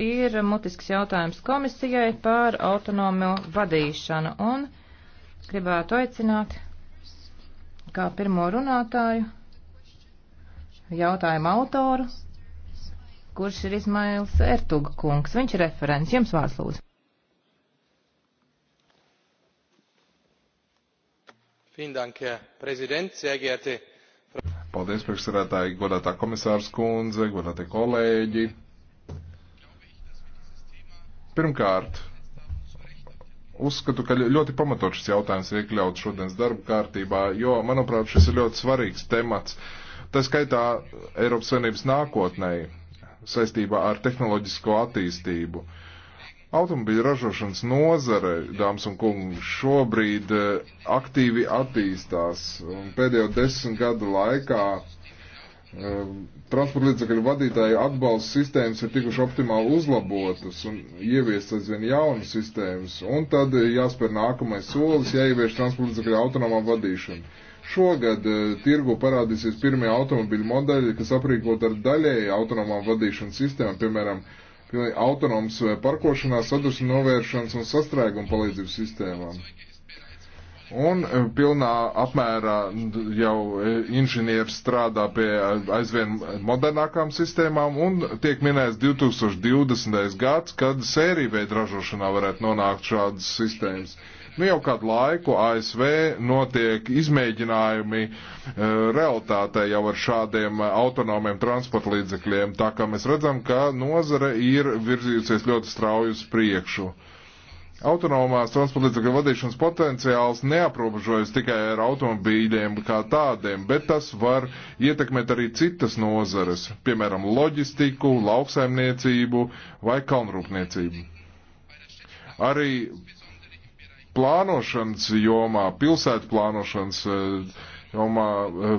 ir mutisks jautājums komisijai par autonomu vadīšanu un gribētu aicināt kā pirmo runātāju jautājumu autoru, kurš ir Izmails Ertuga kungs. Viņš ir referents. Jums vārds lūdzu. Paldies, priekšsarētāji, godātā komisārs kundze, godātie kolēģi. Pirmkārt, uzskatu, ka ļoti pamatot šis jautājums ir iekļauts šodienas darba kārtībā, jo, manuprāt, šis ir ļoti svarīgs temats. Tā skaitā Eiropas Savienības nākotnē saistībā ar tehnoloģisko attīstību. Automobīļu ražošanas nozare, dāmas un kungi, šobrīd eh, aktīvi attīstās. Pēdējo desmit gadu laikā Eh, transporta līdzekļu vadītāju atbalsta sistēmas ir tikuši optimāli uzlabotas un ieviestas aizvien jaunas sistēmas, un tad eh, jāspēr nākamais solis, jāievieš transporta līdzekļu autonomā vadīšana. Šogad eh, tirgu parādīsies pirmie automobiļu modeļi, kas aprīkot ar daļēju autonomā vadīšanas sistēmu, piemēram, autonoms parkošanās, sadursmu novēršanas un sastrēguma palīdzības sistēmām. Un e, pilnā apmērā jau e, inženieri strādā pie aizvien modernākām sistēmām un tiek minēts 2020. gads, kad sērijveida ražošanā varētu nonākt šādas sistēmas. Nu jau kādu laiku ASV notiek izmēģinājumi e, realitātē jau ar šādiem autonomiem transporta līdzekļiem, tā kā mēs redzam, ka nozare ir virzījusies ļoti strauji uz priekšu. E, Autonomās transportlīdzekļu vadīšanas potenciāls neaprobežojas tikai ar automobīļiem kā tādiem, bet tas var ietekmēt arī citas nozares, piemēram, loģistiku, lauksaimniecību vai kalnrūpniecību. Arī plānošanas jomā, pilsētu plānošanas eh, jomā eh,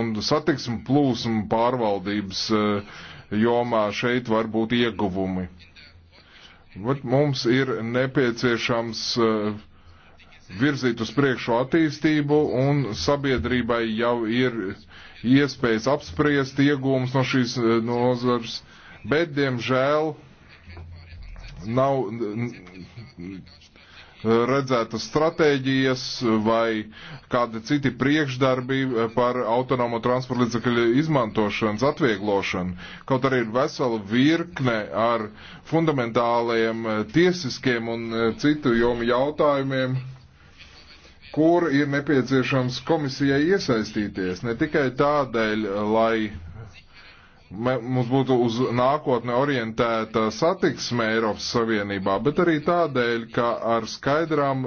un satiksmu plūsmu pārvaldības eh, jomā šeit var būt ieguvumi Mums ir nepieciešams eh, virzīt uz priekšu attīstību, un sabiedrībai jau ir iespējas apspriest iegūmus no šīs eh, nozars, bet, diemžēl, nav redzētas stratēģijas vai kādi citi priekšdarbi par autonomo transporta līdzekļu izmantošanas atvieglošanu. Kaut arī ir vesela virkne ar fundamentālajiem eh, tiesiskiem un eh, citu jomu jautājumiem kur ir nepieciešams komisijai iesaistīties, ne tikai tādēļ, lai mums būtu uz nākotne orientēta satiksme Eiropas Savienībā, bet arī tādēļ, ka ar skaidrām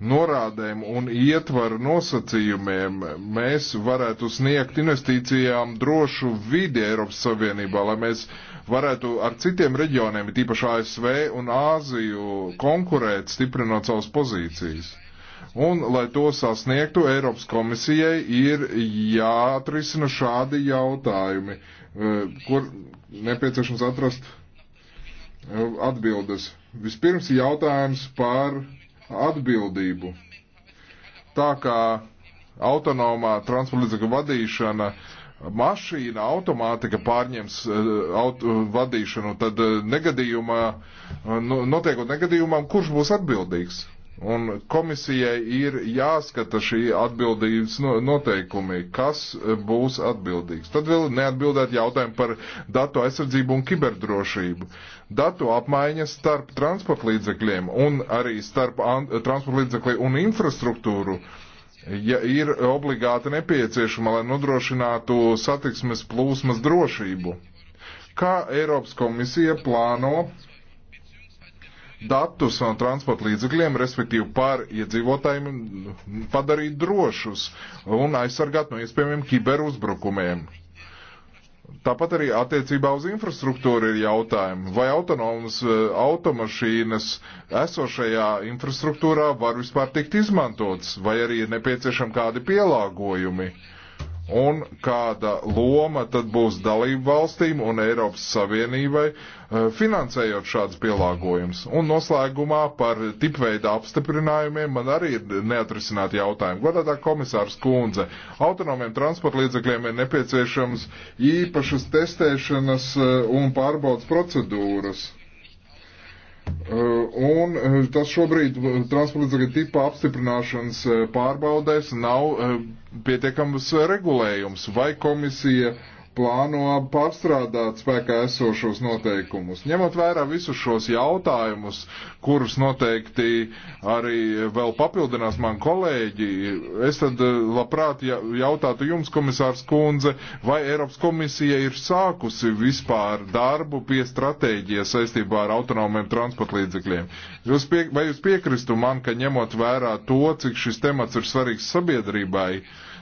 norādēm un ietvaru nosacījumiem mēs varētu sniegt investīcijām drošu vidi Eiropas Savienībā, lai mēs varētu ar citiem reģioniem, tīpaši ASV un Āziju, konkurēt, stiprinot savas pozīcijas. Un, lai to sasniegtu, Eiropas komisijai ir jāatrisina šādi jautājumi. Uh, Eh, kur nepieciešams atrast eh, atbildes. Vispirms jautājums par atbildību. Tā kā autonomā transporta līdzekļu vadīšana mašīna automātika pārņems eh, aut vadīšanu, tad negadījumā, notiekot negadījumam, kurš būs atbildīgs? Un komisijai ir jāskata šī atbildības noteikumi, kas būs atbildīgs. Tad vēl neatbildēt jautājumu par datu aizsardzību un kiberdrošību. Datu apmaiņa starp transportlīdzekļiem un arī starp transportlīdzekļu un infrastruktūru ja ir obligāti nepieciešama, lai nodrošinātu satiksmes plūsmas drošību. Kā Eiropas komisija plāno datus no transporta līdzekļiem, respektīvi par iedzīvotājiem nu, padarīt drošus un aizsargāt no iespējamiem kiberuzbrukumiem. Tāpat arī attiecībā uz infrastruktūru ir jautājumi, vai autonomas eh, automašīnas esošajā infrastruktūrā var vispār tikt izmantots, vai arī ir nepieciešami kādi pielāgojumi. Uh, un kāda loma tad būs dalību valstīm un Eiropas Savienībai eh, finansējot šādas pielāgojumus. Un noslēgumā par tipveida apstiprinājumiem man arī ir neatrisināti jautājumi. Godātā komisārs Kūnze, autonomiem transporta līdzekļiem ir nepieciešams īpašas testēšanas eh, un pārbaudas procedūras. Eh, un eh, tas šobrīd eh, transportlīdzekļu tipa apstiprināšanas pārbaudēs nav pietiekams regulējums. Vai komisija uh, plāno pārstrādāt spēkā esošos noteikumus. Ņemot vērā visus šos jautājumus, kurus noteikti arī vēl papildinās man kolēģi, es tad eh, labprāt jautātu jums, komisārs Kunze, vai Eiropas komisija ir sākusi vispār darbu pie stratēģijas saistībā ar autonomiem transportlīdzekļiem. Jūs pie, vai jūs piekristu man, ka ņemot vērā to, cik šis temats ir svarīgs sabiedrībai,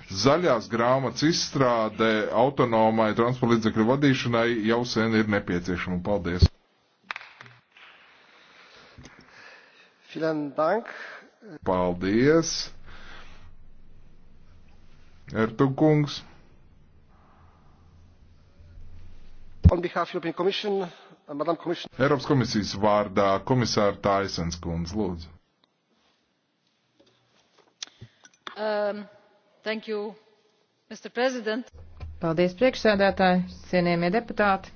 Zaļās grāmatas izstrāde autonomai transporta līdzekļu vadīšanai jau sen ir nepieciešama. Paldies! Paldies! Ertugungs. On behalf of European Commission, uh, Madam Commission. Eiropas komisijas vārdā komisāra Taisens kundze, lūdzu. Um. You, Paldies, priekšsēdētāji, cienījamie deputāti.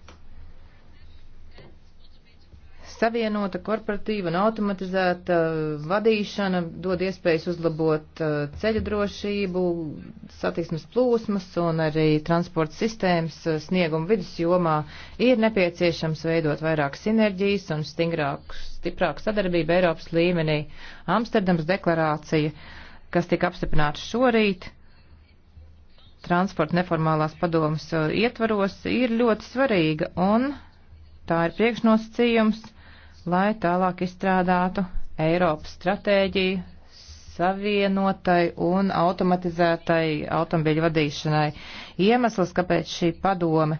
Savienota, korporatīva un automatizēta vadīšana dod iespējas uzlabot uh, ceļu drošību, satiksmes plūsmas un arī transporta sistēmas uh, snieguma vidus jomā. Ir nepieciešams veidot vairāk sinerģijas un stingrāku, stiprāku sadarbību Eiropas līmenī. Amsterdams deklarācija, kas tika apstiprināta šorīt transporta neformālās padomas uh, ietvaros ir ļoti svarīga un tā ir priekšnosacījums, lai tālāk izstrādātu Eiropas stratēģiju savienotai un automatizētai automobiļu vadīšanai. Iemesls, kāpēc šī padome,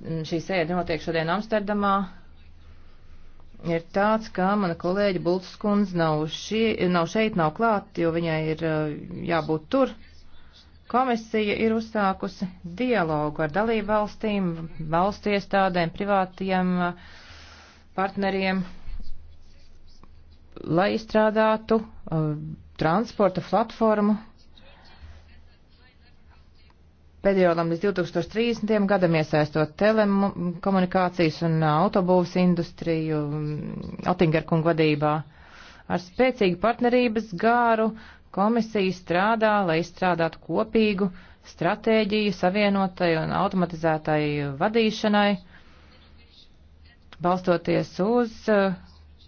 mm, šī sēde notiek šodien Amsterdamā, ir tāds, ka mana kolēģa Bultas kundze nav, šie, nav šeit, nav klāt, jo viņai ir uh, jābūt tur Komisija ir uzsākusi dialogu ar dalību valstīm, valstu iestādēm, privātiem uh, partneriem, lai izstrādātu uh, transporta platformu periodam līdz 2030. gadam iesaistot telekomunikācijas un autobūvas industriju mm, Otingerkungu vadībā. Ar spēcīgu partnerības gāru Komisija strādā, lai izstrādātu kopīgu stratēģiju savienotai un automatizētai vadīšanai, balstoties uz uh,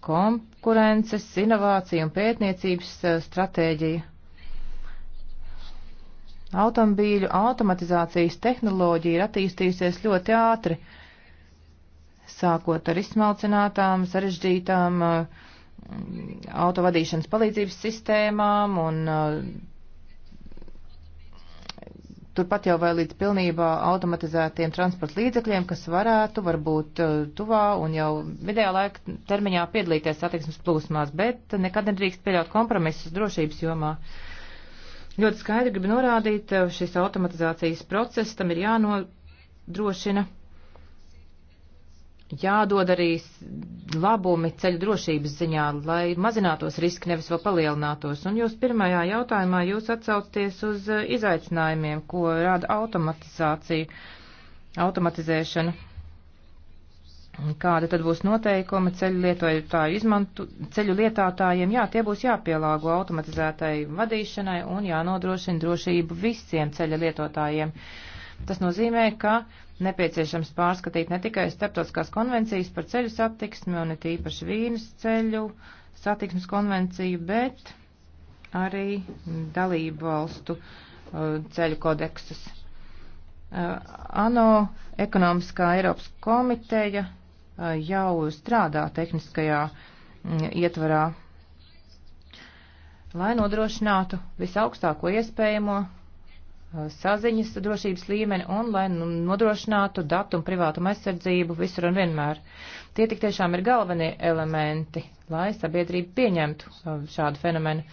konkurences, inovāciju un pētniecības uh, stratēģiju. Automobīļu automatizācijas tehnoloģija ir attīstījusies ļoti ātri, sākot ar izsmalcinātām, sarežģītām uh, autovadīšanas palīdzības sistēmām un uh, turpat jau vai līdz pilnībā automatizētiem transporta līdzekļiem, kas varētu varbūt uh, tuvā un jau vidējā laika termiņā piedalīties satiksmes plūsmās, bet nekad nedrīkst pieļaut kompromisus drošības jomā. Ļoti skaidri gribu norādīt, uh, šis automatizācijas process tam ir jānodrošina jādod arī labumi ceļu drošības ziņā, lai mazinātos riski, nevis vēl palielinātos. Un jūs pirmajā jautājumā jūs atsaucties uz e, izaicinājumiem, ko rada automatizācija, automatizēšana. Kāda tad būs noteikumi ceļu lietotāju izmantu, ceļu lietātājiem? Jā, tie būs jāpielāgo automatizētai vadīšanai un jānodrošina drošību visiem ceļa lietotājiem. Uh, Tas nozīmē, ka nepieciešams pārskatīt ne tikai starptautiskās konvencijas par ceļu satiksmi un it īpaši vīnas ceļu satiksmes konvenciju, bet arī dalību valstu uh, ceļu kodeksus. Uh, ANO ekonomiskā Eiropas komiteja uh, jau strādā tehniskajā mm, ietvarā, lai nodrošinātu visaugstāko iespējamo saziņas drošības līmeni un lai nu nodrošinātu datu un privātumu aizsardzību visur un vienmēr. Tie tik tiešām ir galvenie elementi, lai sabiedrība pieņemtu uh, šādu fenomenu.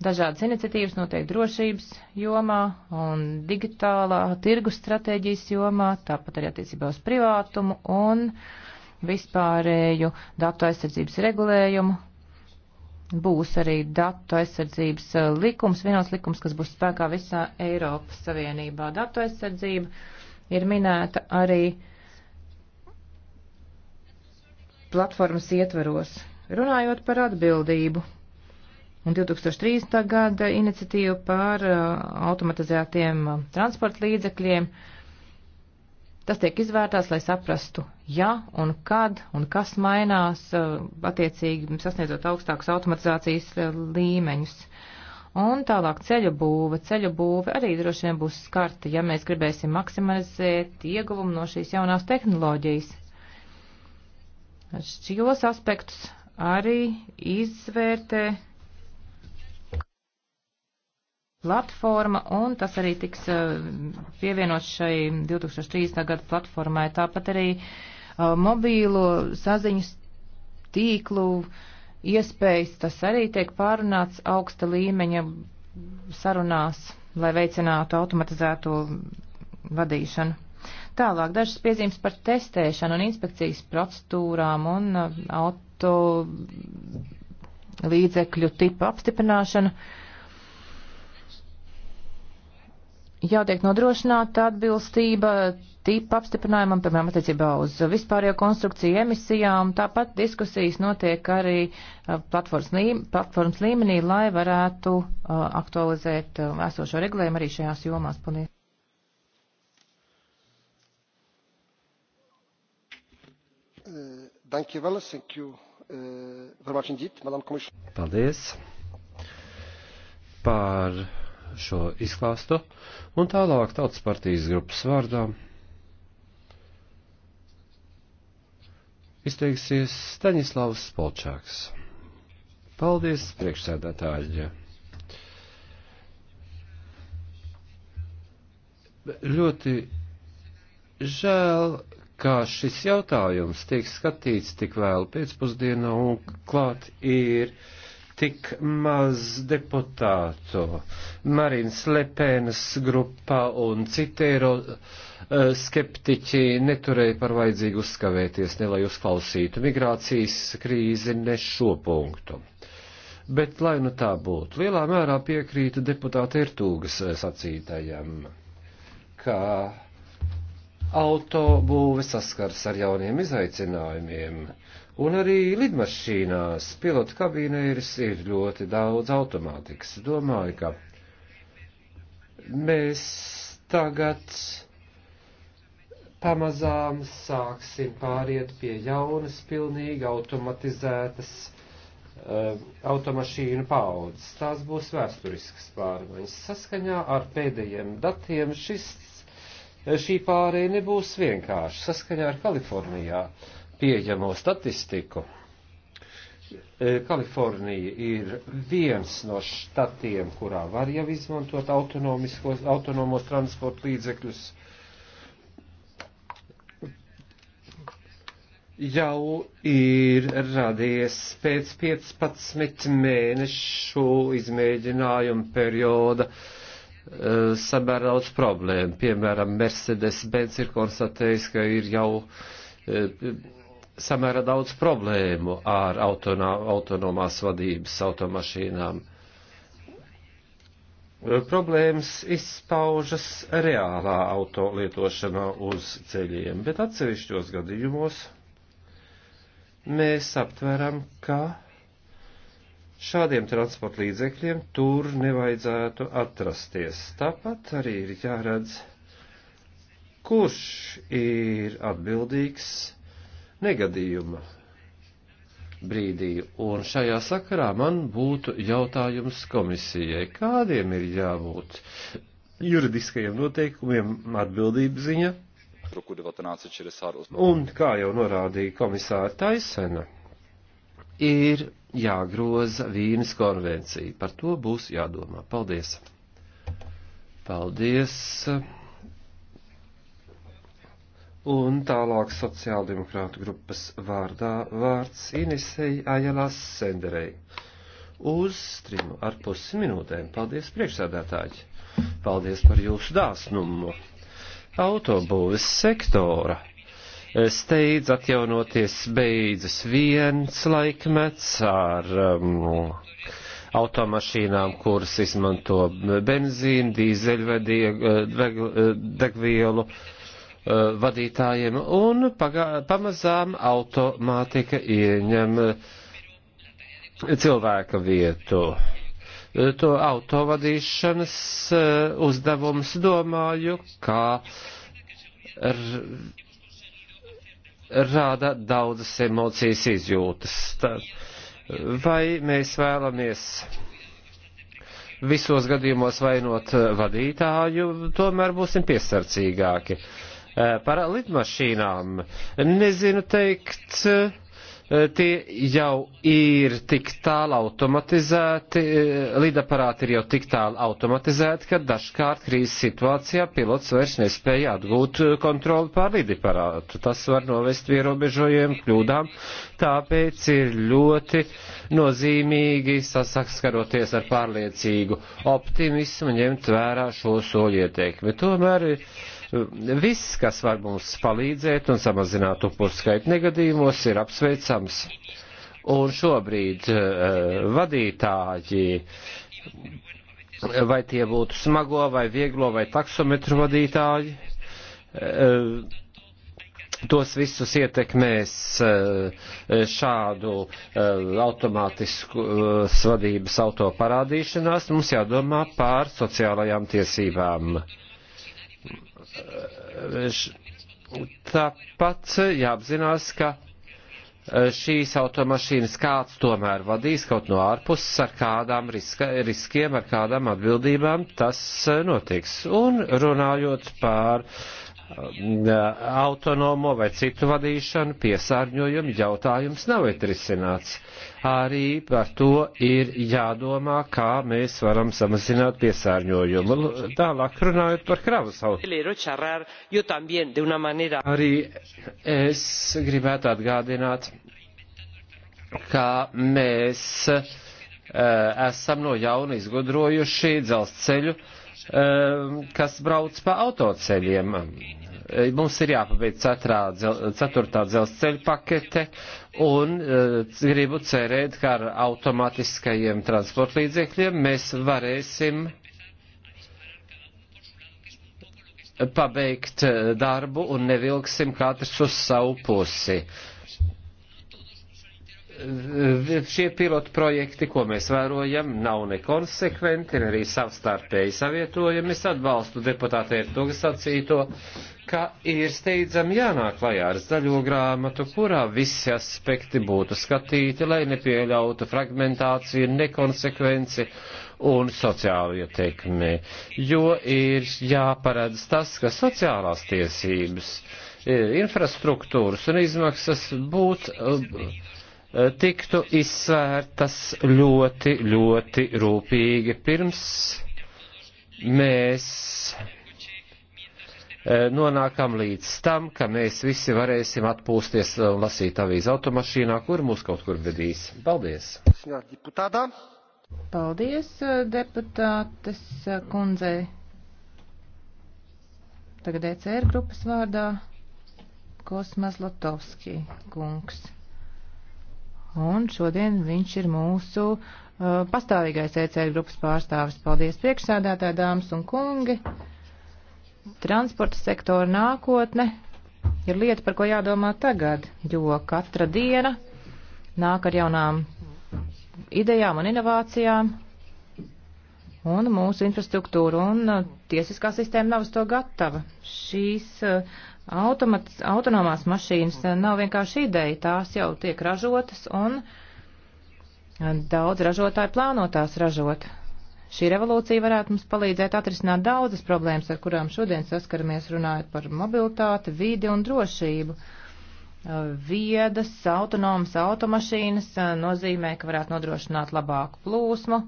Dažādas iniciatīvas notiek drošības jomā un digitālā tirgus stratēģijas jomā, tāpat arī attiecībā uz privātumu un vispārēju datu aizsardzības regulējumu, būs arī datu aizsardzības eh, likums, vienots likums, kas būs spēkā visā Eiropas Savienībā. Datu aizsardzība ir minēta arī platformas ietveros. Runājot par atbildību, un 2013. gada iniciatīvu par eh, automatizētiem eh, transporta līdzekļiem, uh, Tas tiek izvērtās, lai saprastu, ja un kad un kas mainās, eh, attiecīgi sasniedzot augstākus automatizācijas eh, līmeņus. Un tālāk ceļu būve. Ceļu būve arī droši vien būs skarta, ja mēs gribēsim maksimalizēt ieguvumu no šīs jaunās tehnoloģijas. Šos aspektus arī izvērtē platforma, un tas arī tiks uh, pievienots šai 2030. gada platformai. Tāpat arī uh, mobīlo saziņas tīklu iespējas, tas arī tiek pārunāts augsta līmeņa sarunās, lai veicinātu automatizēto vadīšanu. Tālāk dažas piezīmes par testēšanu un inspekcijas procedūrām un uh, auto līdzekļu tipu apstiprināšanu. Uh, jau tiek nodrošināta atbilstība tipa apstiprinājumam, piemēram, attiecībā uz vispārējo konstrukciju emisijām. Tāpat diskusijas notiek arī uh, platformas, līme, platformas līmenī, lai varētu uh, aktualizēt uh, esošo regulējumu arī šajās jomās. Paldies! Paldies par šo izklāstu, un tālāk tautas partijas grupas vārdā izteiksies Staņislavs Polčāks. Paldies, priekšsēdētāji! Ļoti žēl, kā šis jautājums tiek skatīts tik vēlu pēcpusdienā un klāt ir uh, tik maz deputātu. Marins Lepēnas grupā un citi eiro eh, skeptiķi neturēja par vajadzīgu uzskavēties, ne lai uzklausītu migrācijas krīzi, ne šo punktu. Bet, lai nu tā būtu, lielā mērā piekrītu deputāta Ertūgas eh, sacītajam, ka autobūve saskars ar jauniem izaicinājumiem Un arī lidmašīnās pilotu kabīnēs ir ļoti daudz automātikas. Domāju, ka mēs tagad pamazām sāksim pāriet pie jaunas, pilnīgi automatizētas um, automašīnu paudzes. Tās būs vēsturiskas pārmaiņas. Saskaņā ar pēdējiem datiem šis, šī pārēja nebūs vienkārši. Saskaņā ar Kalifornijā. Uh, pieejamo statistiku, e, Kalifornija ir viens no štatiem, kurā var jau izmantot autonomos transporta līdzekļus. Jau ir radies pēc 15 mēnešu izmēģinājuma perioda e, samērauts problēma. Piemēram, Mercedes-Benz ir konstatējis, ka ir jau e, samērā daudz problēmu ar autonā, autonomās vadības automašīnām. Problēmas izpaužas reālā auto lietošanā uz ceļiem, bet atsevišķos gadījumos mēs aptveram, ka šādiem transporta līdzekļiem tur nevajadzētu atrasties. Tāpat arī ir jāredz, kurš ir atbildīgs negadījuma brīdī. Un šajā sakarā man būtu jautājums komisijai, kādiem ir jābūt juridiskajiem noteikumiem atbildības ziņa? Un, kā jau norādīja komisāra Taisena, ir jāgroza Vīnes konvencija. Par to būs jādomā. Paldies! Paldies! Un tālāk sociāldemokrātu grupas vārdā vārds Inisei Ajalās Senderei. Uz trimu ar pusi minūtēm. Paldies, priekšsēdētāji! Paldies par jūsu dāsnumu! Autobūves sektora steidz atjaunoties beidzas viens laikmets ar um, automašīnām, kuras izmanto benzīnu, dīzeļu eh, vai eh, degvielu. Uh, Uh, vadītājiem, un pagā, pamazām automātika ieņem cilvēka vietu. Uh, to autovadīšanas uh, uzdevums domāju, kā rāda daudzas emocijas izjūtas. Vai mēs vēlamies visos gadījumos vainot vadītāju, tomēr būsim piesardzīgāki. Uh, Eh, par lidmašīnām. Nezinu teikt, eh, tie jau ir tik tālu automatizēti, eh, lidaparāti ir jau tik tālu automatizēti, ka dažkārt krīzes situācijā pilots vairs nespēja atgūt kontroli pār lidaparātu. Tas var novest pie robežojumiem, kļūdām, tāpēc ir ļoti nozīmīgi sasakskaroties ar pārliecīgu optimismu, ņemt vērā šo soļu ieteikmi. Tomēr Viss, kas var mums palīdzēt un samazināt upuru skaitu negadījumos, ir apsveicams. Un šobrīd eh, vadītāji vai tie būtu smago vai vieglo vai taksometru vadītāji. Eh, tos visus ietekmēs eh, šādu automātisku svadības auto parādīšanās. Mums jādomā pār sociālajām tiesībām. Tāpat jāapzinās, ka e, šīs automašīnas kāds tomēr vadīs kaut no ārpuses, ar kādām riska, riskiem, ar kādām atbildībām tas e, notiks. Un runājot pār e, autonomo vai citu vadīšanu, piesārņojumu jautājums nav atrisināts arī par to ir jādomā, kā mēs varam samazināt piesārņojumu. Tālāk runājot par kravas automašīnu. Arī es gribētu atgādināt, kā mēs uh, esam no jauna izgudrojuši dzelzceļu, uh, kas brauc pa autoceļiem Eh, mums ir jāpabeidz ceturtā dzelzceļa pakete un eh, gribu cerēt, ka ar automātiskajiem transportlīdzekļiem mēs varēsim pabeigt eh, darbu un nevilksim katrs uz savu pusi. Uh, šie pilotu projekti, ko mēs vērojam, nav nekonsekventi, ne arī savstarpēji savietojami. Es atbalstu deputātu Ertoga sacīto, ka ir steidzami jānāk klajā ar zaļo grāmatu, kurā visi aspekti būtu skatīti, lai nepieļautu fragmentāciju, nekonsekvenci un sociālo ietekmi, jo ir jāparedz tas, ka sociālās tiesības, eh, infrastruktūras un izmaksas būtu eh, Eh, tiktu izsvērtas ļoti, ļoti rūpīgi pirms mēs eh, nonākam līdz tam, ka mēs visi varēsim atpūsties un eh, lasīt avīzi automašīnā, kur mūs kaut kur vedīs. Paldies! Paldies, deputātes kundzei! Tagad ECR grupas vārdā Kosmas Latovski kungs un šodien viņš ir mūsu uh, pastāvīgais ECR grupas pārstāvis. Paldies priekšsēdētāji, dāmas un kungi. Transporta sektora nākotne ir lieta, par ko jādomā tagad, jo katra diena nāk ar jaunām idejām un inovācijām, un mūsu infrastruktūra un uh, tiesiskā sistēma nav uz to gatava. Šīs uh, Automats, autonomās mašīnas eh, nav vienkārši ideja, tās jau tiek ražotas un eh, daudz ražotāju plāno tās ražot. Šī revolūcija varētu mums palīdzēt atrisināt daudzas problēmas, ar kurām šodien saskaramies runājot par mobilitāti, vidi un drošību. Eh, viedas, autonomas automašīnas nozīmē, ka varētu nodrošināt labāku plūsmu,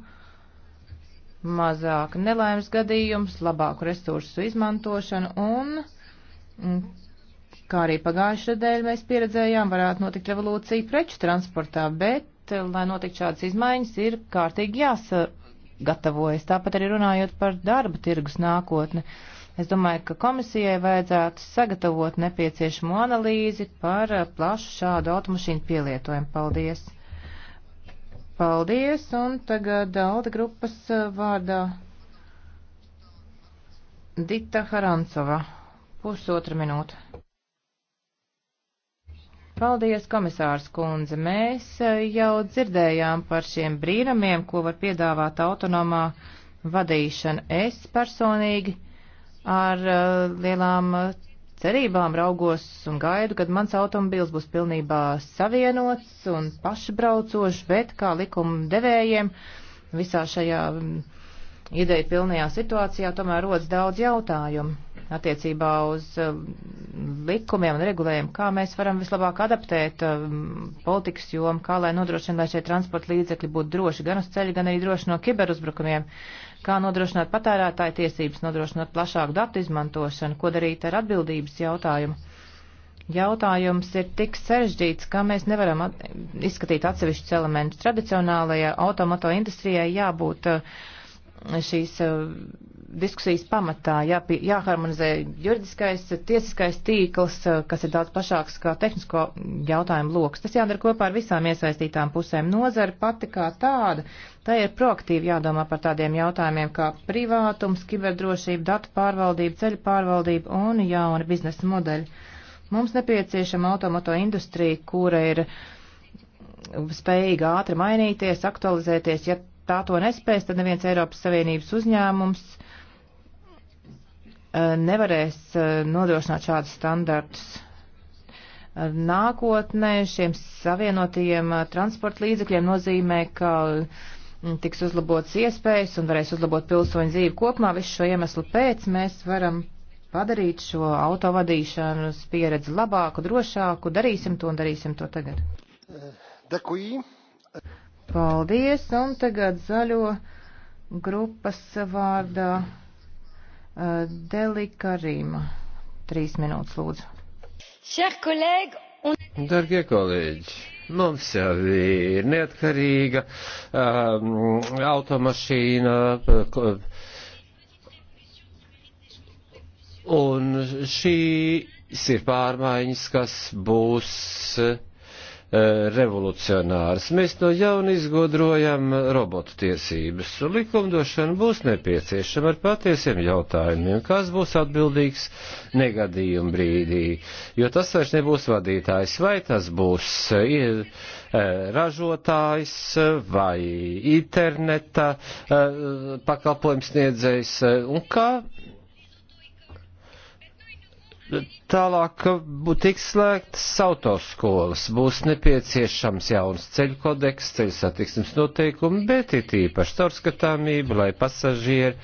mazāk nelaimes gadījums, labāku resursu izmantošanu un uh, Mm, kā arī pagājušajā dēļ mēs pieredzējām, varētu notikt revolūcija preču transportā, bet, eh, lai notiktu šādas izmaiņas, ir kārtīgi jāsagatavojas. Tāpat arī runājot par darba tirgus nākotni. Es domāju, ka komisijai vajadzētu sagatavot nepieciešamo analīzi par eh, plašu šādu automašīnu pielietojumu. Paldies! Paldies! Un tagad Alda grupas eh, vārdā Dita Harancova. Pusotra minūte. Paldies, komisārs kundze. Mēs e, jau dzirdējām par šiem brīnumiem, ko var piedāvāt autonomā vadīšana. Es personīgi ar e, lielām e, cerībām raugos un gaidu, kad mans automobils būs pilnībā savienots un pašbraucošs, bet kā likuma devējiem visā šajā ideja pilnajā situācijā tomēr rodas daudz jautājumu attiecībā uz um, likumiem un regulējumu, kā mēs varam vislabāk adaptēt um, politikas jomu, kā lai nodrošina, lai šie transporta līdzekļi būtu droši gan uz ceļa, gan arī droši no kiberuzbrukumiem, kā nodrošināt patērētāju tiesības, nodrošināt plašāku datu izmantošanu, ko darīt ar atbildības jautājumu. Jautājums ir tik sarežģīts, ka mēs nevaram at izskatīt atsevišķus elementus. Tradicionālajai automoto industrijai jābūt uh, šīs uh, diskusijas pamatā jāpie, jāharmonizē juridiskais, tiesiskais tīkls, eh, kas ir daudz plašāks kā tehnisko jautājumu lokus. Tas jādara kopā ar visām iesaistītām pusēm. Nozara pati kā tāda, tai ir proaktīvi jādomā par tādiem jautājumiem kā privātums, kiberdrošība, datu pārvaldība, ceļu pārvaldība un jauni biznesa modeļi. Mums nepieciešama automoto industrija, kura ir spējīga ātri mainīties, aktualizēties, ja tā to nespēs, tad neviens Eiropas Savienības uzņēmums Eh, nevarēs eh, nodrošināt šādus standartus. Eh, nākotnē šiem savienotajiem transporta līdzekļiem nozīmē, ka mm, tiks uzlabotas iespējas un varēs uzlabot pilsoņu dzīvi kopumā. Visu šo iemeslu pēc mēs varam padarīt šo autovadīšanas pieredzi labāku, drošāku. Darīsim to un darīsim to tagad. Dekuji. Paldies, un tagad zaļo grupas vārdā Eh, Deli Karīma. Trīs minūtes, lūdzu. Dargie kolēģi, mums jau ir neatkarīga um, automašīna. Un šīs ir pārmaiņas, kas būs. Uh, revolucionārs. Mēs no jauna izgudrojam robotu tiesības. Likumdošana būs nepieciešama ar patiesiem jautājumiem, kas būs atbildīgs negadījuma brīdī, jo tas vairs nebūs vadītājs, vai tas būs e, e, ražotājs vai interneta e, pakalpojums sniedzējs un kā Tālāk tiks slēgtas autoskolas, būs nepieciešams jauns ceļu kodeks, ceļu satiksmes noteikumi, bet ir īpaši caurskatāmība, lai pasažieri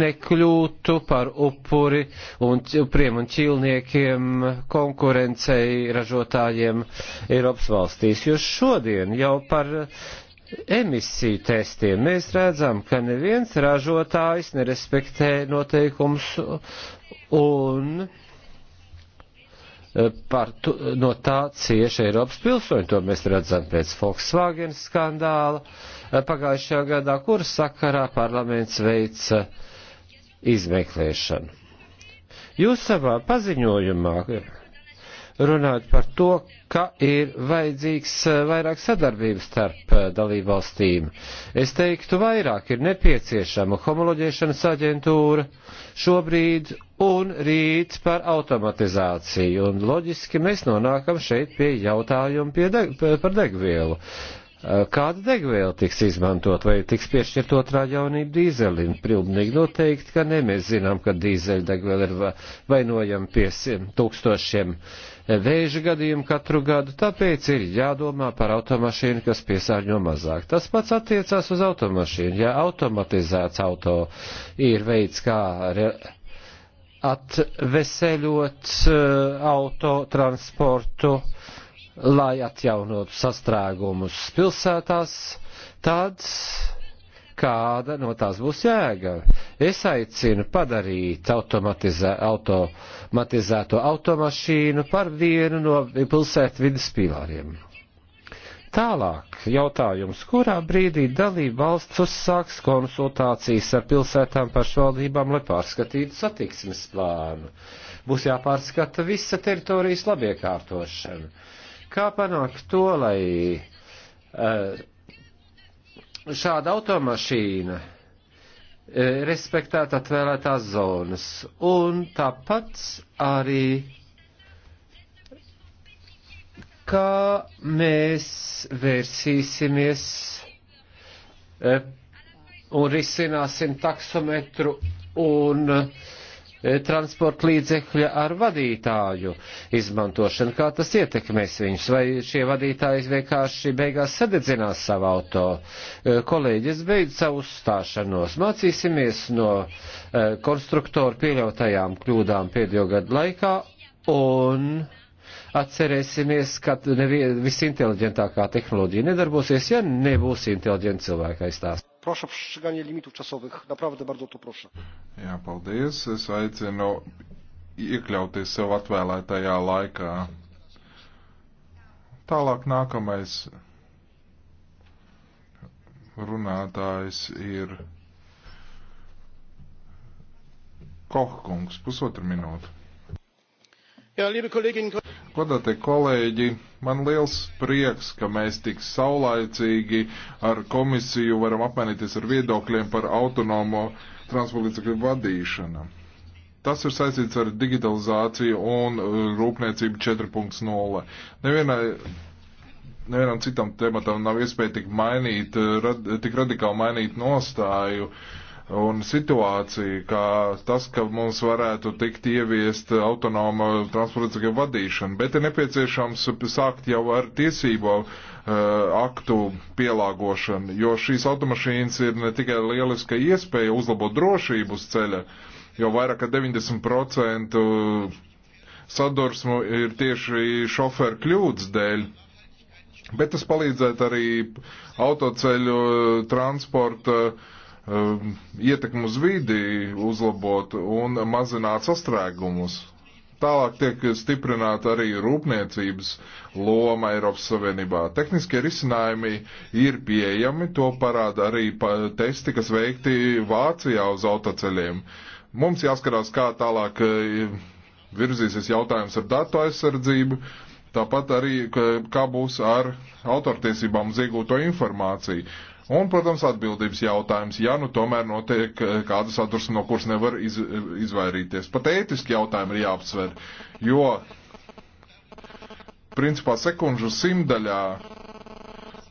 nekļūtu par upuri un priem un ķīlniekiem konkurencei ražotājiem Eiropas valstīs, jo šodien jau par emisiju testiem mēs redzam, ka neviens ražotājs nerespektē noteikumus un eh, par tu, no tā cieši Eiropas pilsoņi. To mēs redzam pēc Volkswagen skandāla eh, pagājušajā gadā, kur sakarā parlaments veica izmeklēšanu. Jūs savā paziņojumā runājot par to, ka ir vajadzīgs eh, vairāk sadarbības starp eh, dalībvalstīm. Es teiktu, vairāk ir nepieciešama homoloģēšanas aģentūra šobrīd un rīt par automatizāciju. Un loģiski mēs nonākam šeit pie jautājumu pie deg par degvielu. Eh, kāda degviela tiks izmantot, vai tiks piešķirt otrā jaunība dīzelim? Pilnīgi noteikti, ka ne. Mēs zinām, ka dīzeļdegviela ir vainojama pie tūkstošiem uh, vēža gadījumu katru gadu, tāpēc ir jādomā par automašīnu, kas piesārņo mazāk. Tas pats attiecās uz automašīnu. Ja automatizēts auto ir veids, kā atveseļot e, autotransportu, lai atjaunotu sastrēgumus pilsētās, tāds kāda no tās būs jēga. Es aicinu padarīt automatizē, automatizēto automašīnu par vienu no pilsētu vidas pīlāriem. Tālāk jautājums, kurā brīdī dalība valsts uzsāks konsultācijas ar pilsētām pašvaldībām, lai pārskatītu satiksmes plānu? Būs jāpārskata visa teritorijas labiekārtošana. Kā panākt to, lai uh, šāda automašīna e, respektēt atvēlētās zonas. Un tāpat arī, kā mēs vērsīsimies e, un risināsim taksometru un uh, E, transporta līdzekļa ar vadītāju izmantošanu, kā tas ietekmēs viņus, vai šie vadītāji vienkārši beigās sadedzinās savu auto. E, kolēģi, es beidzu savu uzstāšanos. Mācīsimies no e, konstruktoru pieļautajām kļūdām pēdējo gadu laikā un atcerēsimies, ka nevien, visinteliģentākā tehnoloģija nedarbosies, ja nebūs inteliģenti cilvēka aizstāsts prošu par šķiganie limitu časovih. Napravda bardzo to prošu. Jā, paldies. Es aicinu iekļauties sev atvēlētajā laikā. Tālāk nākamais runātājs ir Kohkungs, pusotru minūtu. Jā, liebe kolēģi un kolēģi. Godātie kolēģi, man liels prieks, ka mēs tik saulaicīgi ar komisiju varam apmainīties ar viedokļiem par autonomo transportlīdzekļu vadīšanu. Tas ir saistīts ar digitalizāciju un uh, rūpniecību 4.0. Nevienai nevienam citam tematam nav iespēja tik mainīt, uh, rad, tik radikāli mainīt nostāju. Uh, un situācija, kā tas, ka mums varētu tikt ieviest autonoma transporta vadīšana, bet ir nepieciešams sākt jau ar tiesību uh, aktu pielāgošanu, jo šīs automašīnas ir ne tikai lieliska iespēja uzlabot drošību uz ceļa, jo vairāk kā 90% sadursmu ir tieši šoferu kļūdas dēļ. Bet tas palīdzētu arī autoceļu transporta uh, Um, ietekmu uz vidi uzlabot un mazināt sastrēgumus. Tālāk tiek stiprināta arī rūpniecības loma Eiropas Savienībā. Tehniskie risinājumi ir pieejami, to parāda arī testi, kas veikti Vācijā uz autoceļiem. Mums jāskatās, kā tālāk eh, virzīsies jautājums ar datu aizsardzību, tāpat arī kā būs ar autortiesībām uz iegūto informāciju Un, protams, atbildības jautājums, ja nu tomēr notiek eh, kāda sadursme, no kuras nevar iz, izvairīties. Pat ētiski jautājumi ir jāapsver, jo, principā, sekundžu simdaļā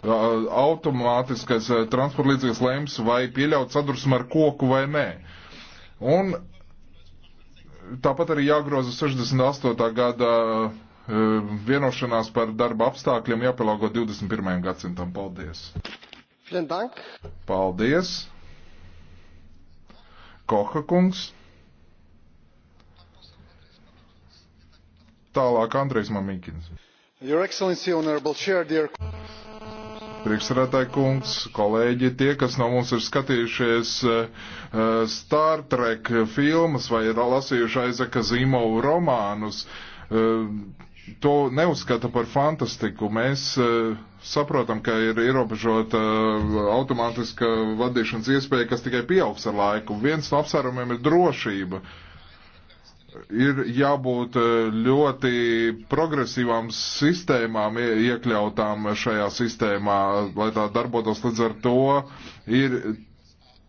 automātiskais transporta līdzeklis lems, vai pieļaut sadursmi ar koku vai nē. Un tāpat arī jāgroza 68. gada vienošanās par darba apstākļiem jāpielāgo 21. gadsimtam. Paldies! Paldies. Koha kungs. Tālāk Andrejs Mamikins. Your Excellency, Honorable Chair, dear. Priekšsēdētāji kungs, kolēģi, tie, kas no mums ir skatījušies uh, Star Trek filmas vai ir lasījuši Aizeka Zīmovu romānus, uh, to neuzskata par fantastiku. Mēs uh, Saprotam, ka ir ierobežota uh, automātiska vadīšanas iespēja, kas tikai pieaugs ar laiku. Viens no apsvērumiem ir drošība. Ir jābūt uh, ļoti progresīvām sistēmām iekļautām šajā sistēmā, lai tā darbotos līdz ar to. Ir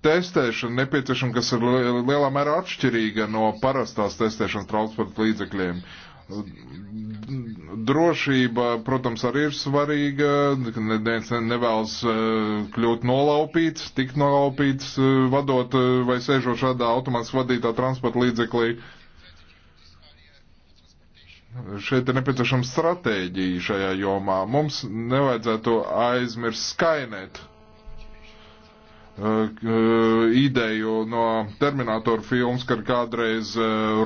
testēšana nepieciešama, kas ir lielā mērā atšķirīga no parastās testēšanas transporta līdzekļiem Drošība, protams, arī ir svarīga. Neviens nevēlas eh, kļūt nolaupīts, tikt nolaupīts, eh, vadot eh, vai sēžot šādā automātiski vadītā transporta līdzeklī. Šeit ir nepieciešama stratēģija šajā jomā. Mums nevajadzētu aizmirst skainēt ideju no Terminatora filmas, kad kādreiz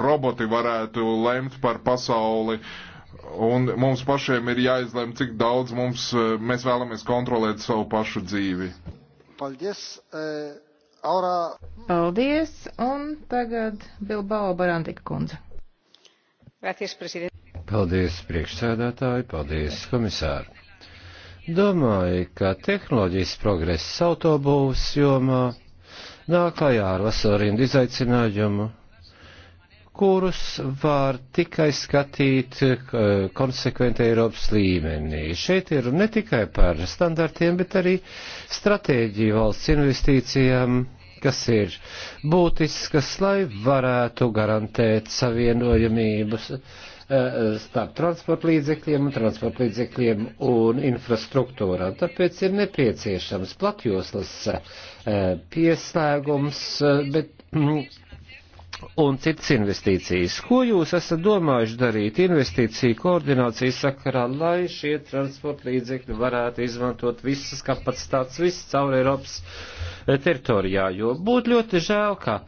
roboti varētu lemt par pasauli Un mums pašiem ir jāizlem, cik daudz mums, e, mēs vēlamies kontrolēt savu pašu dzīvi. Paldies! E, aurā... Paldies! Un tagad Bilbao Barantika kundze. Gracias, prezident. Paldies, priekšsēdētāji, paldies, komisāri. Domāju, ka tehnoloģijas progress autobūvas jomā nāk klajā ar vasarindu izaicinājumu kurus var tikai skatīt eh, konsekventi Eiropas līmenī. Šeit ir ne tikai par standartiem, bet arī stratēģiju valsts investīcijām, kas ir būtiskas, lai varētu garantēt savienojamību eh, starp transporta līdzekļiem un transporta līdzekļiem un infrastruktūrām. Tāpēc ir nepieciešams platjoslas eh, pieslēgums, bet mm, un citas investīcijas. Ko jūs esat domājuši darīt investīciju koordinācijas sakarā, lai šie transporta līdzekļi varētu izmantot visas kapacitātes, visas caur Eiropas e, teritorijā? Jo būtu ļoti žēl, ka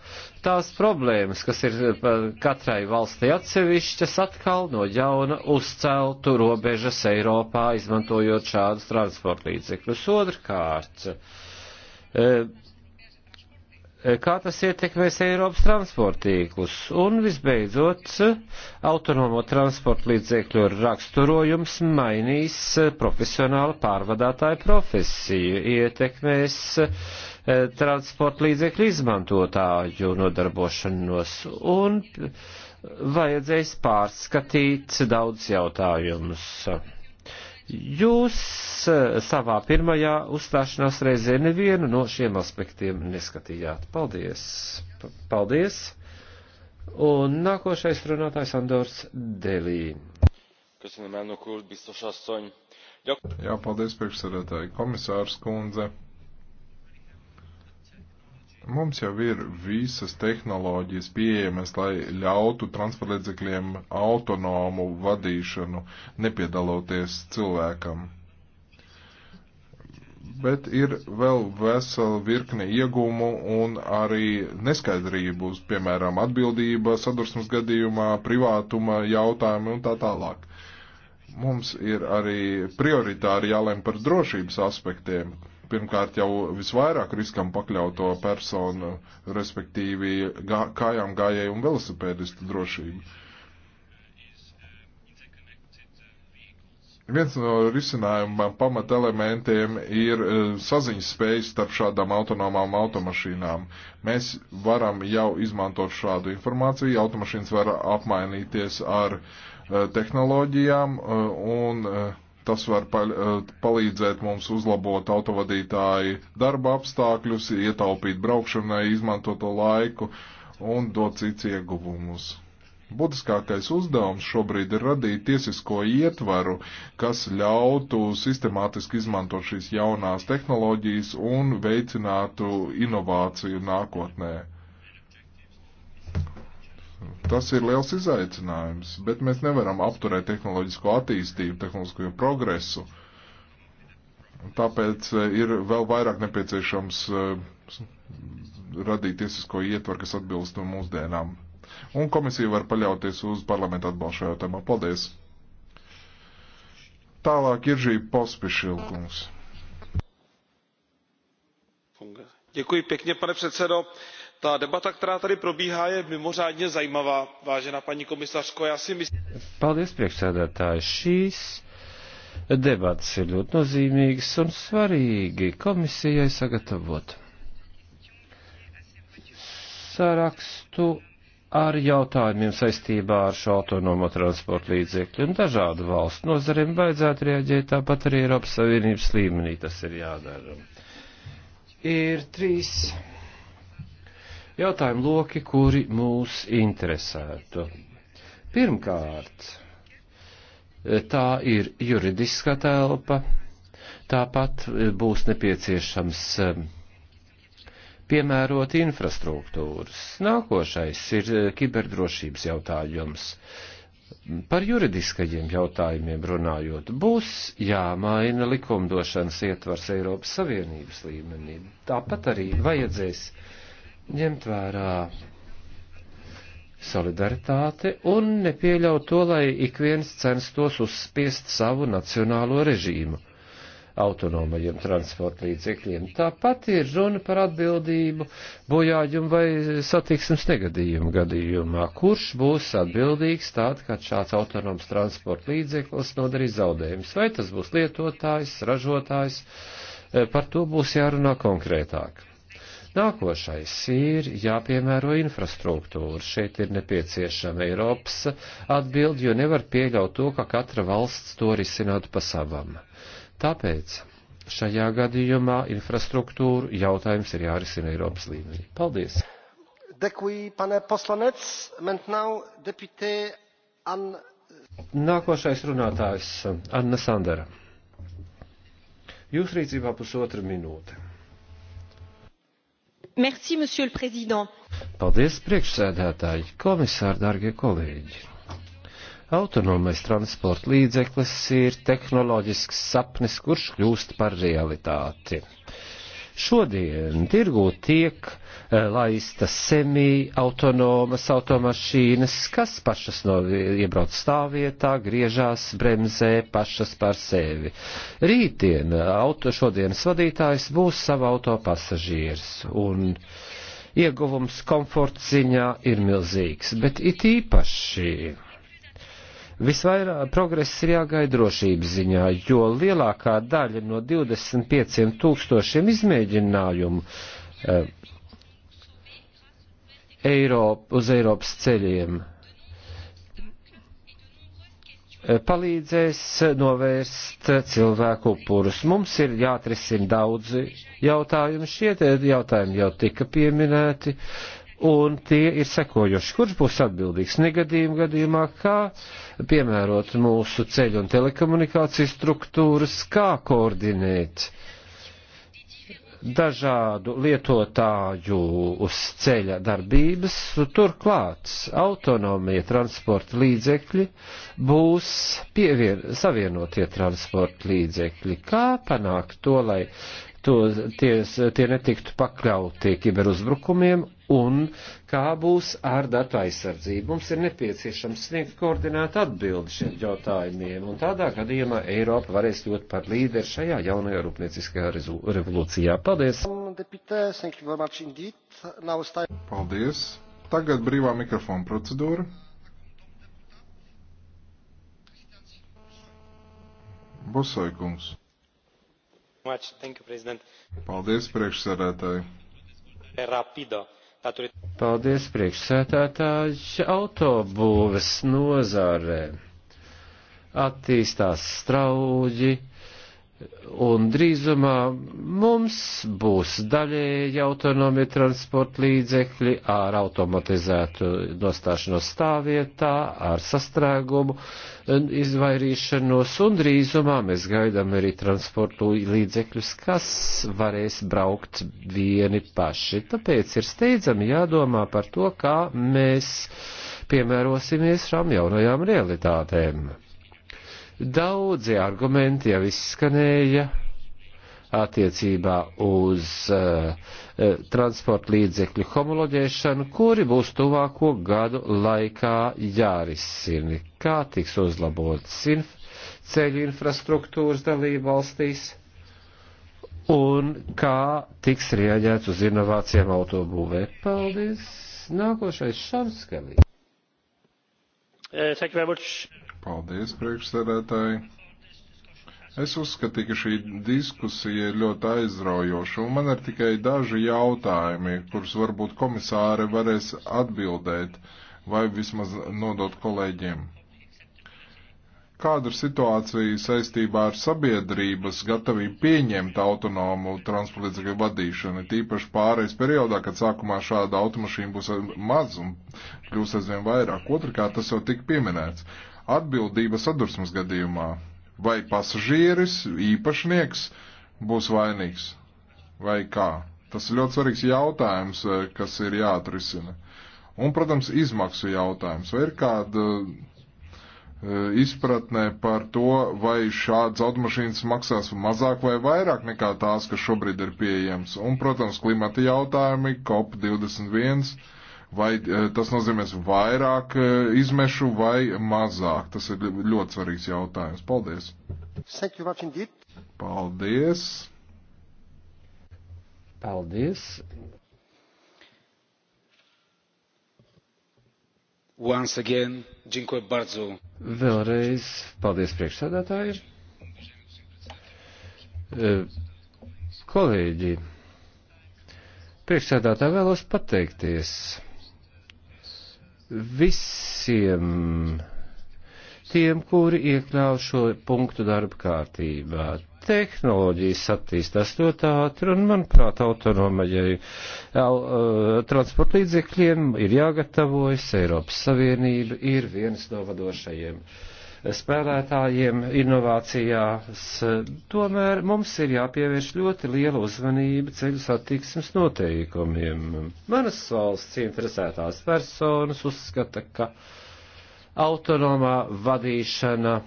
tās problēmas, kas ir e, katrai valstī atsevišķas, atkal no jauna uzceltu robežas Eiropā, izmantojot šādus transporta līdzekļus. Otrkārt, e, Eh, kā tas ietekmēs Eiropas transportīklus. Un visbeidzot, autonomo transporta līdzekļu raksturojums mainīs eh, profesionāla pārvadātāja profesiju, ietekmēs eh, transporta līdzekļu izmantotāju nodarbošanos un vajadzēs pārskatīt daudz jautājumus. Jūs eh, savā pirmajā uzstāšanās reizē nevienu no šiem aspektiem neskatījāt. Paldies! Paldies! Un nākošais runātājs Andors Delī. Köszönöm, elnök úr, biztos asszony. Jā, paldies, priekšsēdētāji, komisārs kundze. Mums jau ir visas tehnoloģijas pieejamas, lai ļautu transportlīdzekļiem autonomu vadīšanu, nepiedaloties cilvēkam. Bet ir vēl vesela virkne iegūmu un arī neskaidrības, piemēram, atbildība sadursmes gadījumā, privātuma jautājumi un tā tālāk. Uh, Mums ir arī prioritāri jālem par drošības aspektiem. Pirmkārt, jau visvairāk riskam pakļauto personu, respektīvi gā, kājām gājēju un velosipēdistu drošību. Viens no risinājuma pamatelementiem ir e, saziņas spējas starp šādām autonomām automašīnām. Mēs varam jau izmantot šādu informāciju, automašīnas var apmainīties ar uh, Eh, tehnoloģijām, eh, un eh, tas var palīdzēt mums uzlabot autovadītāju darba apstākļus, ietaupīt braukšanai izmantoto laiku un dot cits ieguvumus. Būtiskākais uzdevums šobrīd ir radīt tiesisko ietvaru, kas ļautu sistemātiski izmantot šīs jaunās tehnoloģijas un veicinātu inovāciju nākotnē. Tas ir liels izaicinājums, bet mēs nevaram apturēt tehnoloģisko attīstību, tehnoloģisko progresu. Tāpēc e, ir vēl vairāk nepieciešams e, radīt tiesisko ietvaru, kas atbilst mūsdienām. Un komisija var paļauties uz parlamentu atbalstu šajā jautājumā. Paldies! Tālāk ir šī pospišilkums. Děkuji pěkně, pane předsedo ta debata která tady probíhá je mimořádně zajímavá vážená paní komisařko já si myslím. paldies priekšsēdētāji šīs debates ir ļoti nozīmīgas un svarīgi komisijai sagatavot sarakstu ar jautājumiem saistībā ar šo autonomo transportu līdzekļu un dažādu valstu nozarēm vajadzētu rēģēt tāpat arī Eiropas Savienības līmenī tas ir jādara. Ir trīs jautājumu loki, kuri mūs interesētu. Pirmkārt, tā ir juridiskā telpa, tāpat būs nepieciešams um, piemērot infrastruktūras. Nākošais ir uh, kiberdrošības jautājums. Par juridiskajiem jautājumiem runājot, būs jāmaina likumdošanas ietvars Eiropas Savienības līmenī. Tāpat arī vajadzēs uh, ņemt vērā solidaritāte un nepieļaut to, lai ik viens censtos uzspiest savu nacionālo režīmu autonomajiem transporta līdzekļiem. Tāpat ir runa par atbildību bojājumu vai satiksmes negadījumu gadījumā. Kurš būs atbildīgs tād, kad šāds autonoms transporta līdzeklis nodarīs zaudējumus? Vai tas būs lietotājs, ražotājs? Eh, par to būs jārunā konkrētāk. Nākošais ir jāpiemēro infrastruktūra. Šeit ir nepieciešama Eiropas atbildi, jo nevar pieļaut to, ka katra valsts to risinātu pa savam. Tāpēc šajā gadījumā infrastruktūru jautājums ir jārisina Eiropas līmenī. Paldies! Dekuji, pane poslanec, mentnau deputē An... Nākošais runātājs Anna Sandara. Jūs rīcībā pusotra minūte. Merci, monsieur le président. Paldies, priekšsēdētāji, komisāri, dārgie kolēģi. Autonomais transporta līdzeklis ir tehnoloģisks sapnis, kurš kļūst par realitāti. Šodien tirgū tiek eh, laista semī autonomas automašīnas, kas pašas no iebrauc stāvvietā, griežās, bremzē pašas par sevi. Rītdien auto šodienas vadītājs būs sava auto pasažieris un ieguvums komforta ziņā ir milzīgs, bet it īpaši Visvairāk progress ir jāgaida drošības ziņā, jo lielākā daļa no 25 tūkstošiem izmēģinājumu eh, Eiropa, uz Eiropas ceļiem eh, palīdzēs novērst cilvēku upurus. Mums ir jāatrisina daudzi jautājumi. Šie jautājumi jau tika pieminēti. Uh, Un tie ir sekojoši, kurš būs atbildīgs negadījuma gadījumā, kā piemērot mūsu ceļu un telekomunikācijas struktūras, kā koordinēt dažādu lietotāju uz ceļa darbības, turklāt autonomija transporta līdzekļi būs pievien, savienotie transporta līdzekļi. Kā panākt to, lai to, tie, tie netiktu pakļauti kiberuzbrukumiem un kā būs ar datu aizsardzību. Mums ir nepieciešams sniegt koordinētu atbildi šiem jautājumiem, un tādā gadījumā Eiropa varēs kļūt par līderi šajā jaunajā rūpnieciskajā revolūcijā. Paldies! Paldies! Tagad brīvā mikrofona procedūra. Busoja kungs. Paldies, priekšsēdētāji. Rapido Paldies, priekšsētātāji. Autobūves nozare attīstās strauji Un drīzumā mums būs daļēji autonomi transporta līdzekļi ar automatizētu nostāšanos stāvvietā, ar sastrēgumu, izvairīšanos, un drīzumā mēs gaidām arī transportu līdzekļus, kas varēs braukt vieni paši. Tāpēc ir steidzami jādomā par to, kā mēs piemērosimies šām jaunajām realitātēm. Daudzi argumenti jau izskanēja attiecībā uz uh, transporta līdzekļu homoloģēšanu, kuri būs tuvāko gadu laikā jārisina, kā tiks uzlabotas inf ceļu infrastruktūras dalību valstīs un kā tiks rieģēts uz inovācijām autobūvē. Paldies! Nākošais Šamskalī. Uh, Paldies, priekšsēdētāji. Es uzskatīju, ka šī diskusija ir ļoti aizraujoša, un man ir tikai daži jautājumi, kurus varbūt komisāri varēs atbildēt vai vismaz nodot kolēģiem. Kāda ir situācija saistībā ar sabiedrības gatavību pieņemt autonomu transportlīdzekļu vadīšanu, tīpaši pārējais periodā, kad sākumā šāda automašīna būs maz un kļūs aizvien vairāk? Otrakārt, tas jau tika pieminēts atbildība sadursmes gadījumā. Vai pasažieris, īpašnieks būs vainīgs vai kā? Tas ir ļoti svarīgs jautājums, eh, kas ir jāatrisina. Un, protams, izmaksu jautājums. Vai ir kāda eh, izpratnē par to, vai šādas automašīnas maksās mazāk vai vairāk nekā tās, kas šobrīd ir pieejams. Un, protams, klimata jautājumi, COP21, Vai e, tas nozīmēs vairāk e, izmešu vai mazāk? Tas ir ļoti svarīgs jautājums. Paldies! Paldies! Paldies! Once again, dziękuję bardzo. Vēlreiz paldies priekšsēdētāji. E, kolēģi, priekšsēdētāji vēlos pateikties visiem tiem, kuri iekļāv šo punktu darba kārtībā. Tehnoloģijas attīstās ļoti ātri, un, manuprāt, autonomajai uh, transporta līdzekļiem ir jāgatavojas. Eiropas Savienība ir viens no vadošajiem. Uh, spēlētājiem inovācijās, tomēr mums ir jāpievērš ļoti liela uzmanība ceļu satiksmes noteikumiem. Manas valsts interesētās personas uzskata, ka autonomā vadīšana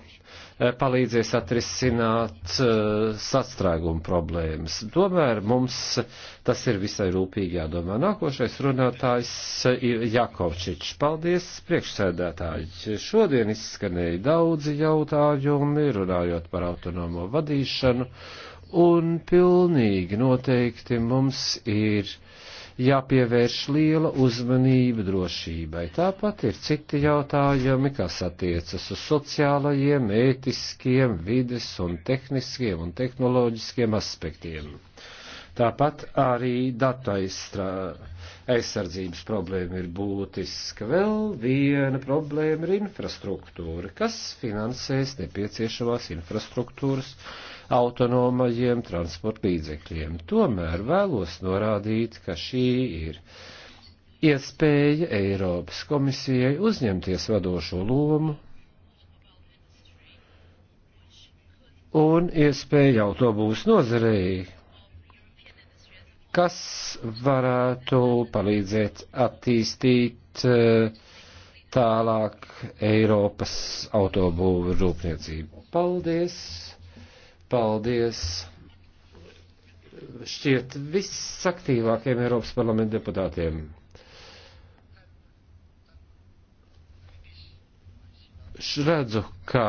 Eh, palīdzēs atrisināt eh, sastrēgumu problēmas. Tomēr mums tas ir visai rūpīgi jādomā. Nākošais runātājs eh, ir Jakovčičs. Paldies, priekšsēdētāji. Šodien izskanēja daudzi jautājumi, runājot par autonomo vadīšanu, un pilnīgi noteikti mums ir jāpievērš liela uzmanība drošībai. Tāpat ir citi jautājumi, kas attiecas uz sociālajiem, ētiskiem, vides un tehniskiem un tehnoloģiskiem aspektiem. Tāpat arī datu aizsardzības problēma ir būtiska. Vēl viena problēma ir infrastruktūra, kas finansēs nepieciešamās infrastruktūras autonomajiem transporta līdzekļiem. Tomēr vēlos norādīt, ka šī ir iespēja Eiropas komisijai uzņemties vadošo lomu un iespēja autobūs nozarei, kas varētu palīdzēt attīstīt eh, tālāk Eiropas autobūvu rūpniecību. Paldies! Paldies! Šķiet visaktīvākiem Eiropas parlamenta deputātiem. redzu, ka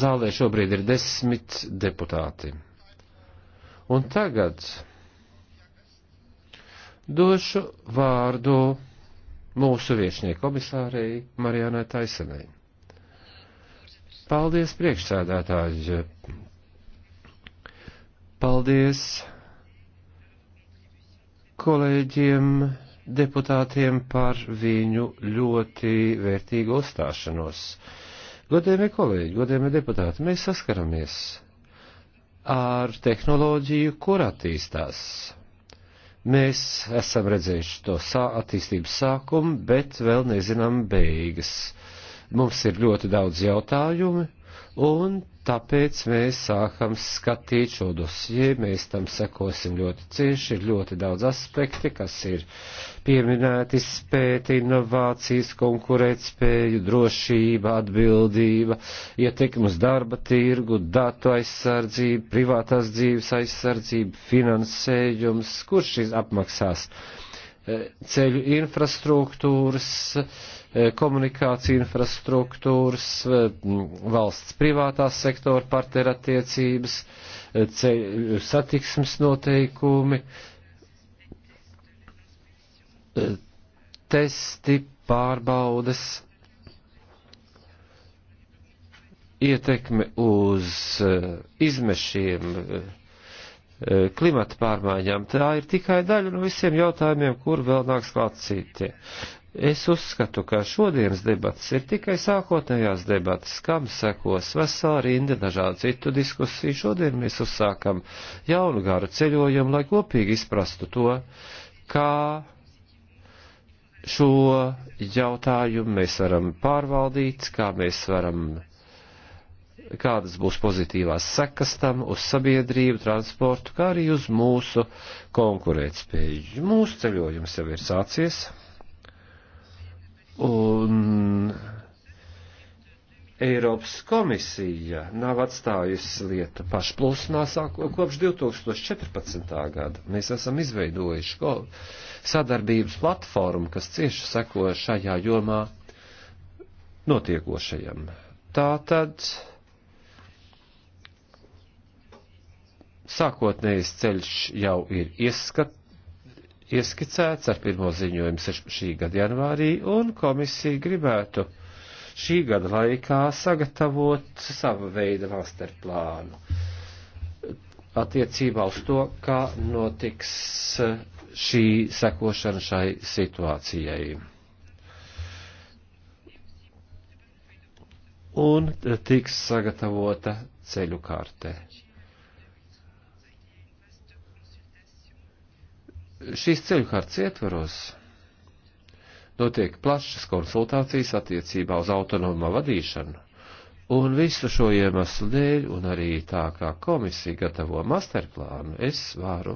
zālē šobrīd ir desmit deputāti. Un tagad došu vārdu mūsu viešņai komisārei Marijānai Taisenai. Paldies priekšsēdētāji, Paldies kolēģiem deputātiem par viņu ļoti vērtīgu uzstāšanos. Godējumie kolēģi, godējumie deputāti, mēs saskaramies ar tehnoloģiju, kur attīstās. Mēs esam redzējuši to sā, attīstības sākumu, bet vēl nezinām beigas. Mums ir ļoti daudz jautājumu, un Tāpēc mēs sākam skatīt šo dosie, mēs tam sekosim ļoti cieši, ir ļoti daudz aspekti, kas ir pieminēti spēti, inovācijas, konkurētspēju, drošība, atbildība, ietekmes darba tirgu, datu aizsardzība, privātās dzīves aizsardzība, finansējums, kurš šis apmaksās eh, ceļu infrastruktūras, Eh, komunikāciju infrastruktūras, eh, valsts privātās sektora partnerattiecības, eh, ceļu satiksmes noteikumi, testi, pārbaudes, ietekme uz izmešiem, klimata pārmaiņām. Tā ir tikai daļa no visiem jautājumiem, kur vēl nāks klāt citie. Es uzskatu, ka šodienas debatas ir tikai sākotnējās debatas, kam sekos vesela rinda dažādu citu diskusiju. Šodien mēs uzsākam jaunu garu ceļojumu, lai kopīgi izprastu to, kā šo jautājumu mēs varam pārvaldīt, kā mēs varam kādas būs pozitīvās sekas tam uz sabiedrību, transportu, kā arī uz mūsu konkurētspēju. Mūsu ceļojums jau ir sācies. Un Eiropas komisija nav atstājusi lieta pašplūsmā kopš 2014. gada. Mēs esam izveidojuši sadarbības platformu, kas cieši seko šajā jomā notiekošajam. Tā tad sākotnējs ceļš jau ir ieskat ieskicēts ar pirmo ziņojumu šī gada janvārī, un komisija gribētu šī gada laikā sagatavot savu veidu masterplānu attiecībā uz to, kā notiks šī sekošana šai situācijai. Un tiks sagatavota ceļu kārtē. Šīs ceļu kārtas ietvaros notiek plašas konsultācijas attiecībā uz autonomā vadīšanu, un visu šo iemeslu dēļ, un arī tā kā komisija gatavo masterplānu, es varu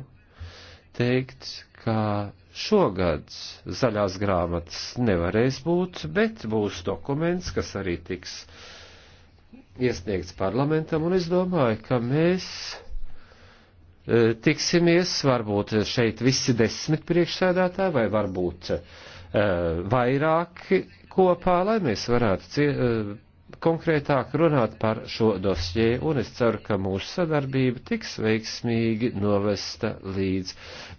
teikt, ka šogad zaļās grāmatas nevarēs būt, bet būs dokuments, kas arī tiks iesniegts parlamentam, un es domāju, ka mēs Eh, tiksimies, varbūt šeit visi desmit priekšsēdētāji vai varbūt eh, vairāki kopā, lai mēs varētu cie, eh, konkrētāk runāt par šo dosjē, un es ceru, ka mūsu sadarbība tiks veiksmīgi novesta līdz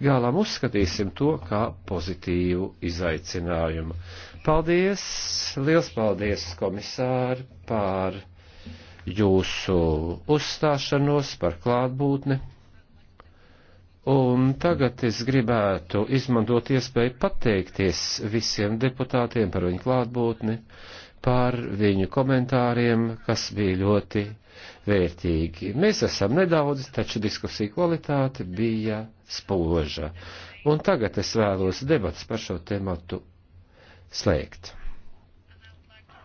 galam. Uzskatīsim to kā pozitīvu izaicinājumu. Paldies! Liels paldies, komisāri, par jūsu uzstāšanos, par klātbūtni! Un tagad es gribētu izmantot iespēju pateikties visiem deputātiem par viņu klātbūtni, par viņu komentāriem, kas bija ļoti vērtīgi. Mēs esam nedaudz, taču diskusija kvalitāte bija spoža. Un tagad es vēlos debats par šo tematu slēgt.